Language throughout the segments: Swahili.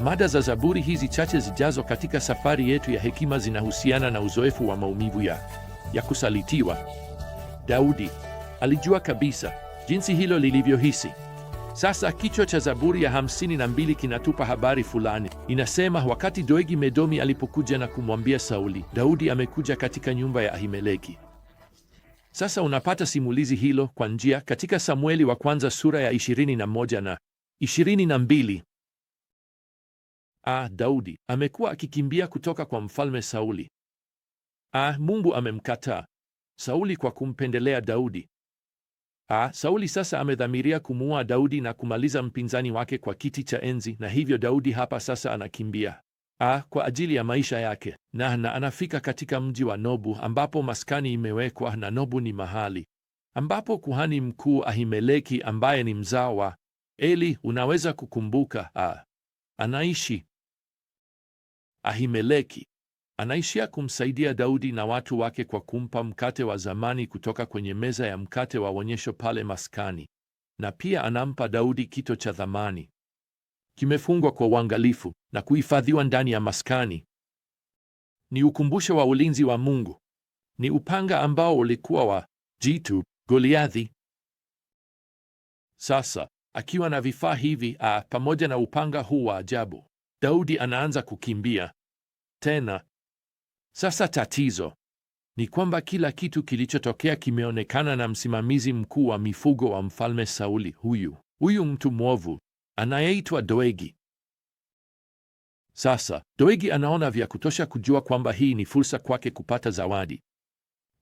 Mada za Zaburi hizi chache zijazo katika safari yetu ya hekima zinahusiana na uzoefu wa maumivu ya ya kusalitiwa. Daudi alijua kabisa jinsi hilo lilivyohisi. Sasa kichwa cha Zaburi ya hamsini na mbili kinatupa habari fulani. Inasema, wakati Doegi Medomi alipokuja na kumwambia Sauli, Daudi amekuja katika nyumba ya Ahimeleki. Sasa unapata simulizi hilo kwa njia katika Samueli wa kwanza sura ya 21 na 22. Ah, Daudi amekuwa akikimbia kutoka kwa mfalme Sauli. Ah, Mungu amemkataa Sauli kwa kumpendelea Daudi. Ah, Sauli sasa amedhamiria kumuua Daudi na kumaliza mpinzani wake kwa kiti cha enzi, na hivyo Daudi hapa sasa anakimbia ah, kwa ajili ya maisha yake na, na anafika katika mji wa Nobu ambapo maskani imewekwa, na Nobu ni mahali ambapo kuhani mkuu Ahimeleki ambaye ni mzao wa Eli, unaweza kukumbuka ah, anaishi. Ahimeleki anaishia kumsaidia Daudi na watu wake kwa kumpa mkate wa zamani kutoka kwenye meza ya mkate wa onyesho pale maskani, na pia anampa Daudi kito cha dhamani kimefungwa kwa uangalifu na kuhifadhiwa ndani ya maskani. Ni ukumbusho wa ulinzi wa Mungu, ni upanga ambao ulikuwa wa jitu Goliathi. Sasa akiwa na vifaa hivi a, pamoja na upanga huu wa ajabu Daudi anaanza kukimbia tena. Sasa tatizo ni kwamba kila kitu kilichotokea kimeonekana na msimamizi mkuu wa mifugo wa mfalme Sauli, huyu huyu mtu mwovu anayeitwa Doegi. Sasa Doegi anaona vya kutosha kujua kwamba hii ni fursa kwake kupata zawadi.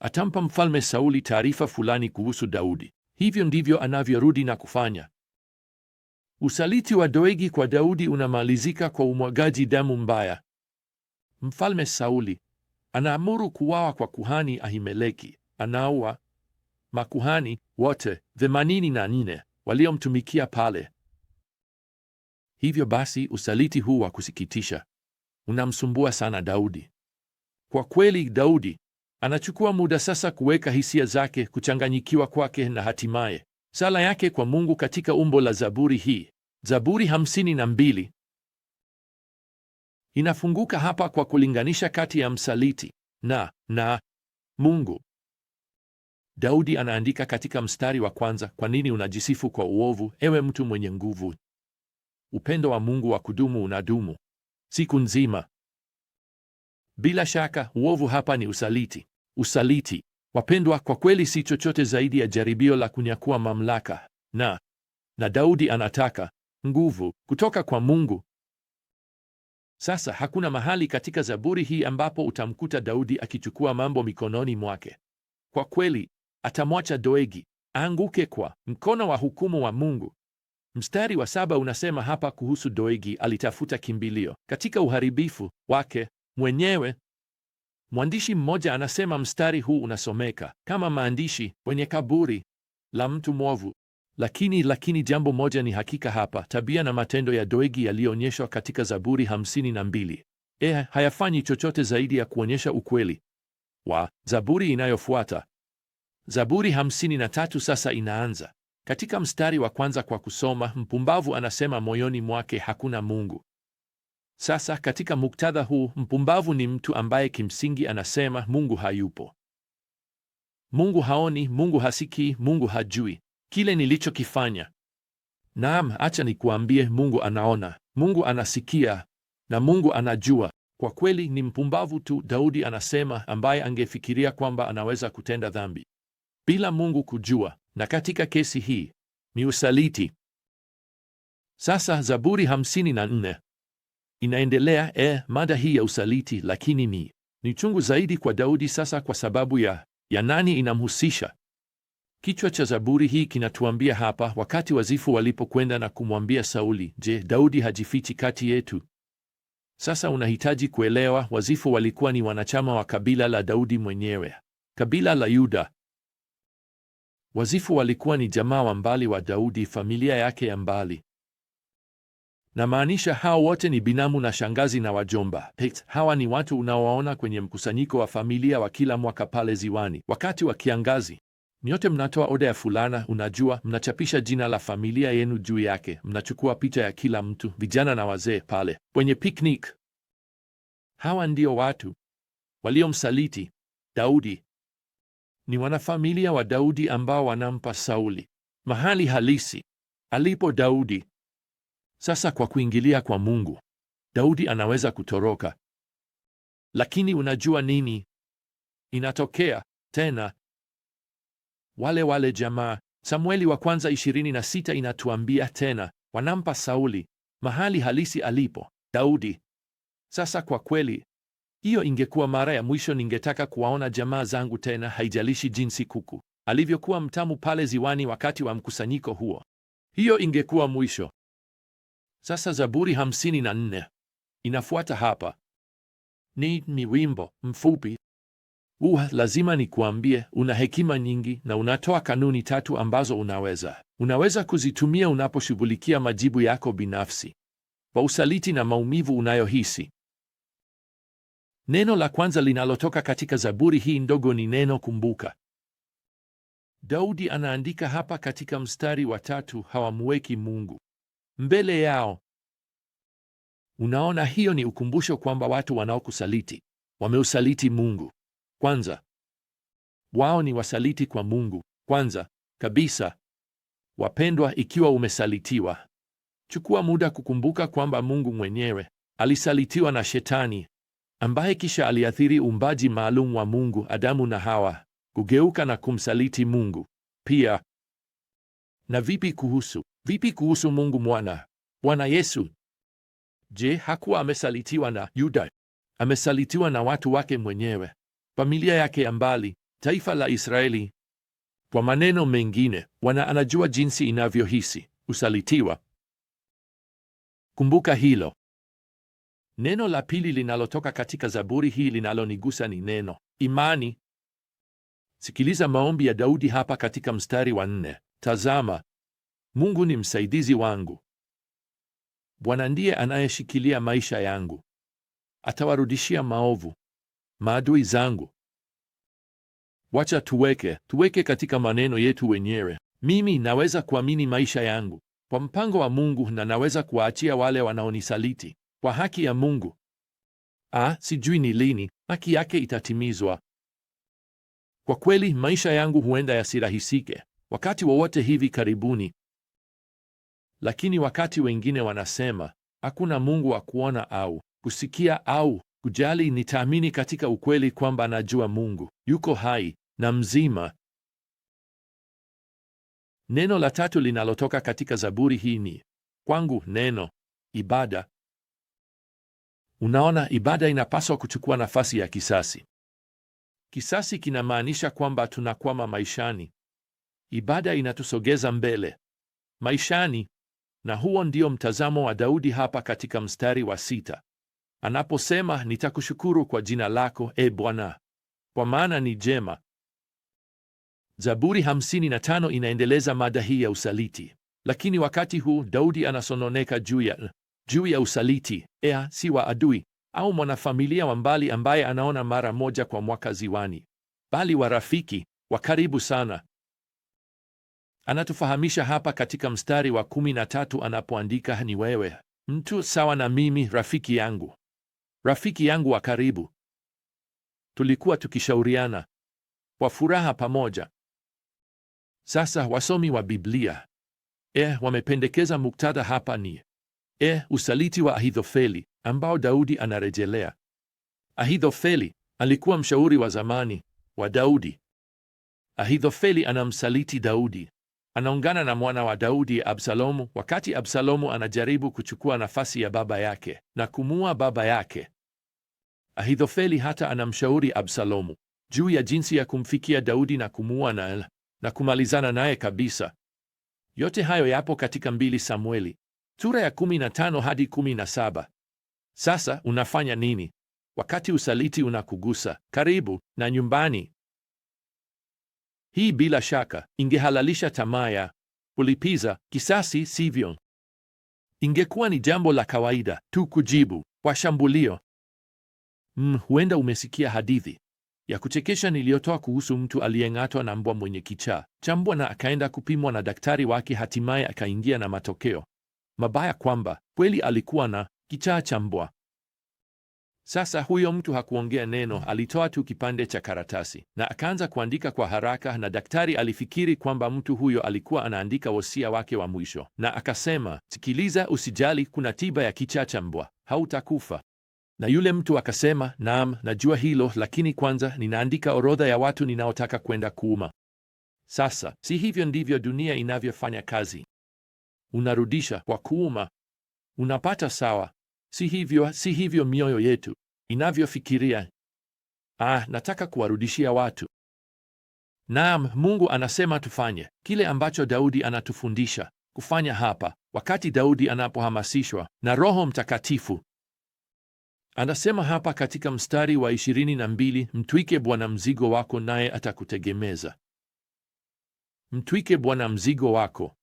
Atampa mfalme Sauli taarifa fulani kuhusu Daudi. Hivyo ndivyo anavyorudi na kufanya. Usaliti wa Doegi kwa Daudi unamalizika kwa umwagaji damu mbaya. Mfalme Sauli anaamuru kuwawa kwa kuhani Ahimeleki. Anaua makuhani wote themanini na nne waliomtumikia pale. Hivyo basi, usaliti huu wa kusikitisha unamsumbua sana Daudi. Kwa kweli, Daudi anachukua muda sasa kuweka hisia zake, kuchanganyikiwa kwake na hatimaye Sala yake kwa Mungu katika umbo la zaburi hii, Zaburi hamsini na mbili, inafunguka hapa kwa kulinganisha kati ya msaliti na na Mungu. Daudi anaandika katika mstari wa kwanza, kwa nini unajisifu kwa uovu, ewe mtu mwenye nguvu? Upendo wa Mungu wa kudumu unadumu siku nzima. Bila shaka uovu hapa ni usaliti. Usaliti Wapendwa, kwa kweli si chochote zaidi ya jaribio la kunyakua mamlaka, na na Daudi anataka nguvu kutoka kwa Mungu. Sasa hakuna mahali katika Zaburi hii ambapo utamkuta Daudi akichukua mambo mikononi mwake. Kwa kweli atamwacha Doegi aanguke kwa mkono wa hukumu wa Mungu. Mstari wa saba unasema hapa kuhusu Doegi, alitafuta kimbilio katika uharibifu wake mwenyewe Mwandishi mmoja anasema mstari huu unasomeka kama maandishi kwenye kaburi la mtu mwovu. Lakini lakini jambo moja ni hakika hapa, tabia na matendo ya Doegi yaliyoonyeshwa katika Zaburi hamsini na mbili e hayafanyi chochote zaidi ya kuonyesha ukweli wa zaburi inayofuata. Zaburi hamsini na tatu sasa inaanza katika mstari wa kwanza kwa kusoma, mpumbavu anasema moyoni mwake hakuna Mungu. Sasa katika muktadha huu, mpumbavu ni mtu ambaye kimsingi anasema Mungu hayupo, Mungu haoni, Mungu hasikii, Mungu hajui kile nilichokifanya. Naam, acha nikuambie, Mungu anaona, Mungu anasikia na Mungu anajua. Kwa kweli ni mpumbavu tu, Daudi anasema, ambaye angefikiria kwamba anaweza kutenda dhambi bila Mungu kujua, na katika kesi hii ni usaliti. Sasa Zaburi 54 inaendelea eh, mada hii ya usaliti, lakini ni ni chungu zaidi kwa Daudi sasa kwa sababu ya ya nani inamhusisha. Kichwa cha Zaburi hii kinatuambia hapa, wakati wazifu walipokwenda na kumwambia Sauli, je, Daudi hajifichi kati yetu? Sasa unahitaji kuelewa, wazifu walikuwa ni wanachama wa kabila la Daudi mwenyewe, kabila la Yuda. Wazifu walikuwa ni jamaa wa mbali wa Daudi, familia yake ya mbali. Namaanisha hao wote ni binamu na shangazi na wajomba. Hit, hawa ni watu unaowaona kwenye mkusanyiko wa familia wa kila mwaka pale ziwani wakati wa kiangazi. Nyote mnatoa oda ya fulana, unajua, mnachapisha jina la familia yenu juu yake, mnachukua picha ya kila mtu, vijana na wazee, pale kwenye picnic. Hawa ndio watu waliomsaliti Daudi. Ni wanafamilia wa Daudi ambao wanampa Sauli mahali halisi alipo Daudi. Sasa kwa kuingilia kwa Mungu, Daudi anaweza kutoroka. Lakini unajua nini inatokea tena? Wale wale jamaa, Samueli wa kwanza 26 inatuambia tena, wanampa Sauli mahali halisi alipo Daudi. Sasa kwa kweli hiyo ingekuwa mara ya mwisho ningetaka kuwaona jamaa zangu tena, haijalishi jinsi kuku alivyokuwa mtamu pale ziwani wakati wa mkusanyiko huo. Hiyo ingekuwa mwisho. Sasa Zaburi hamsini na nne inafuata hapa. Ni ni wimbo mfupi. Uh, lazima nikuambie, una hekima nyingi na unatoa kanuni tatu ambazo unaweza unaweza kuzitumia unaposhughulikia majibu yako binafsi kwa usaliti na maumivu unayohisi. Neno la kwanza linalotoka katika zaburi hii ndogo ni neno kumbuka. Daudi anaandika hapa katika mstari wa tatu, hawamweki Mungu mbele yao. Unaona, hiyo ni ukumbusho kwamba watu wanaokusaliti wameusaliti Mungu kwanza. Wao ni wasaliti kwa Mungu kwanza kabisa. Wapendwa, ikiwa umesalitiwa, chukua muda kukumbuka kwamba Mungu mwenyewe alisalitiwa na Shetani, ambaye kisha aliathiri uumbaji maalum wa Mungu, Adamu na Hawa, kugeuka na kumsaliti Mungu pia. Na vipi kuhusu Vipi kuhusu Mungu Mwana, Bwana Yesu? Je, hakuwa amesalitiwa na Yuda? Amesalitiwa na watu wake mwenyewe, familia yake ya mbali, taifa la Israeli. Kwa maneno mengine, Bwana anajua jinsi inavyohisi usalitiwa. Kumbuka hilo. Neno la pili linalotoka katika Zaburi hii linalonigusa ni neno imani. Sikiliza maombi ya Daudi hapa katika mstari wa nne. Tazama, Mungu ni msaidizi wangu. Bwana ndiye anayeshikilia maisha yangu. Atawarudishia maovu maadui zangu. Wacha tuweke tuweke katika maneno yetu wenyewe. Mimi naweza kuamini maisha yangu kwa mpango wa Mungu na naweza kuwaachia wale wanaonisaliti kwa haki ya Mungu. Ah, sijui ni lini haki yake itatimizwa. Kwa kweli maisha yangu huenda yasirahisike wakati wowote hivi karibuni. Lakini wakati wengine wanasema hakuna Mungu wa kuona au kusikia au kujali, nitaamini katika ukweli kwamba najua Mungu yuko hai na mzima. Neno la tatu linalotoka katika Zaburi hii ni kwangu neno ibada. Unaona, ibada inapaswa kuchukua nafasi ya kisasi. Kisasi kinamaanisha kwamba tunakwama maishani. Ibada inatusogeza mbele maishani. Na huo ndio mtazamo wa Daudi hapa katika mstari wa sita anaposema, nitakushukuru kwa jina lako e Bwana, kwa maana ni jema. Zaburi 55 inaendeleza mada hii ya usaliti, lakini wakati huu Daudi anasononeka juu ya juu ya usaliti ea, si wa adui au mwanafamilia wa mbali ambaye anaona mara moja kwa mwaka ziwani, bali wa rafiki wa karibu sana Anatufahamisha hapa katika mstari wa kumi na tatu anapoandika, ni wewe mtu sawa na mimi, rafiki yangu, rafiki yangu wa karibu. Tulikuwa tukishauriana kwa furaha pamoja. Sasa wasomi wa Biblia e, wamependekeza muktadha hapa ni e, usaliti wa Ahithofeli ambao Daudi anarejelea. Ahithofeli alikuwa mshauri wa zamani wa Daudi. Ahithofeli anamsaliti Daudi anaungana na mwana wa Daudi Absalomu wakati Absalomu anajaribu kuchukua nafasi ya baba yake na kumua baba yake. Ahithofeli hata anamshauri Absalomu juu ya jinsi ya kumfikia Daudi na kumuua na, na kumalizana naye kabisa. Yote hayo yapo katika mbili Samueli sura ya 15 hadi 17. Sasa unafanya nini wakati usaliti unakugusa karibu na nyumbani? Hii bila shaka ingehalalisha tamaa ya kulipiza kisasi, sivyo? Ingekuwa ni jambo la kawaida tu kujibu kwa shambulio. Mm, huenda umesikia hadithi ya kuchekesha niliyotoa kuhusu mtu aliyeng'atwa na mbwa mwenye kichaa cha mbwa na akaenda kupimwa na daktari wake, hatimaye akaingia na matokeo mabaya kwamba kweli alikuwa na kichaa cha mbwa. Sasa huyo mtu hakuongea neno, alitoa tu kipande cha karatasi na akaanza kuandika kwa haraka, na daktari alifikiri kwamba mtu huyo alikuwa anaandika wosia wake wa mwisho, na akasema, sikiliza, usijali, kuna tiba ya kichaa cha mbwa, hautakufa. Na yule mtu akasema, naam, najua hilo, lakini kwanza ninaandika orodha ya watu ninaotaka kwenda kuuma. Sasa si hivyo ndivyo dunia inavyofanya kazi. Unarudisha kwa kuuma, unapata sawa Si hivyo, si hivyo mioyo yetu inavyofikiria. Ah, nataka kuwarudishia watu. Naam, Mungu anasema tufanye kile ambacho Daudi anatufundisha kufanya hapa, wakati Daudi anapohamasishwa na Roho Mtakatifu. Anasema hapa katika mstari wa 22, mtwike Bwana mzigo wako naye atakutegemeza. Mtwike Bwana mzigo wako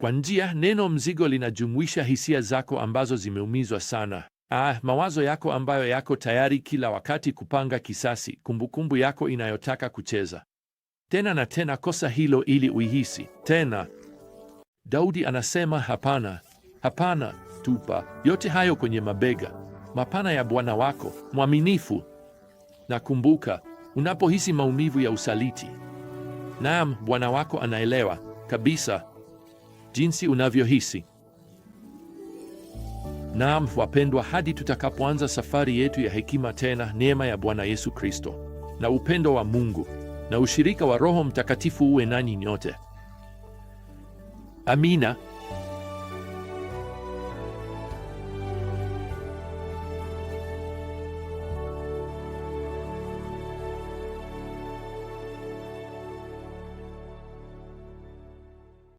kwa njia, neno mzigo linajumuisha hisia zako ambazo zimeumizwa sana, ah, mawazo yako ambayo yako tayari kila wakati kupanga kisasi, kumbukumbu yako inayotaka kucheza tena na tena kosa hilo ili uihisi tena. Daudi anasema hapana, hapana, tupa yote hayo kwenye mabega mapana ya Bwana wako mwaminifu. Na kumbuka, unapohisi maumivu ya usaliti, naam, Bwana wako anaelewa kabisa jinsi unavyohisi. Naam, wapendwa, hadi tutakapoanza safari yetu ya hekima tena, neema ya Bwana Yesu Kristo na upendo wa Mungu na ushirika wa Roho Mtakatifu uwe nanyi nyote. Amina.